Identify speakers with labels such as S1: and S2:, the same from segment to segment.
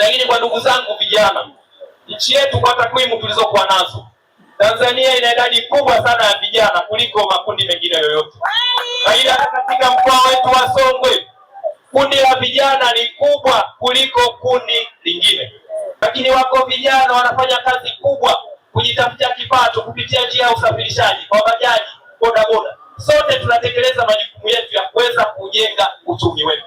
S1: Lakini kwa ndugu zangu vijana, nchi yetu kwa takwimu tulizokuwa nazo, Tanzania ina idadi kubwa sana ya vijana kuliko makundi mengine yoyote. Aidha, katika mkoa wetu wa Songwe kundi la vijana ni kubwa kuliko kundi lingine, lakini wako vijana wanafanya kazi kubwa kujitafutia kipato kupitia njia ya usafirishaji kwa bajaji, bodaboda. Sote tunatekeleza majukumu yetu ya kuweza kujenga uchumi wetu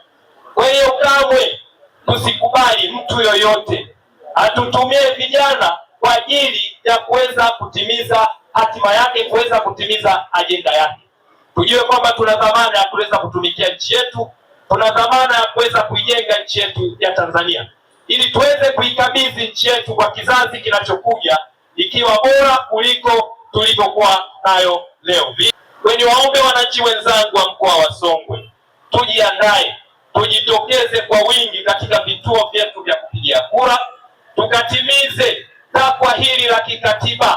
S1: hatutakubali mtu yoyote atutumie vijana kwa ajili ya kuweza kutimiza hatima yake, kuweza kutimiza ajenda yake. Tujue kwamba tuna dhamana ya kuweza kutumikia nchi yetu, tuna dhamana ya kuweza kuijenga nchi yetu ya Tanzania ili tuweze kuikabidhi nchi yetu kwa kizazi kinachokuja ikiwa bora kuliko tulivyokuwa nayo leo. Kwenye waombe wananchi wenzangu wa mkoa wa Songwe, tujiandae, tujitokeze kwa wingi katika vituo kikatiba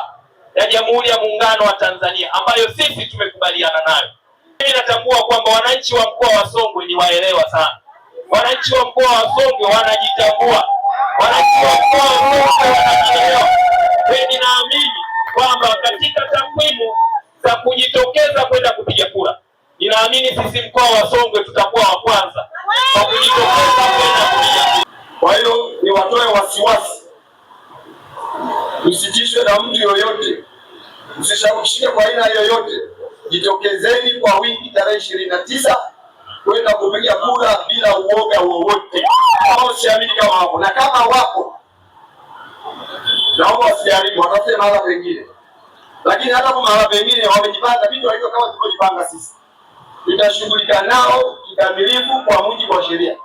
S1: ya Jamhuri ya Muungano wa Tanzania ambayo sisi tumekubaliana nayo. Mimi natambua kwamba wananchi wa mkoa wa Songwe ni waelewa sana. Wananchi wa mkoa wa Songwe wanajitambua, wananchi wa mkoa wa Songwe wanajielewa. Ninaamini kwamba katika takwimu za kujitokeza kwenda kupiga kura, ninaamini sisi mkoa wa Songwe tutakuwa wa kwanza kwa kujitokeza kwenda kupiga kura. Kwa hiyo watoe wasiwasi msitishwe na mtu yoyote, msishawishike kwa aina yoyote. Jitokezeni kwa wingi tarehe ishirini na tisa kwenda kupiga kura bila uoga wowote. Kama siamini kama wapo, na kama wapo naomba wasijaribu, watafute mahala pengine. Lakini hata kwa mahala pengine wamejipanga vitu hivyo kama tulivyojipanga sisi, tutashughulika nao kikamilifu kwa mujibu wa sheria.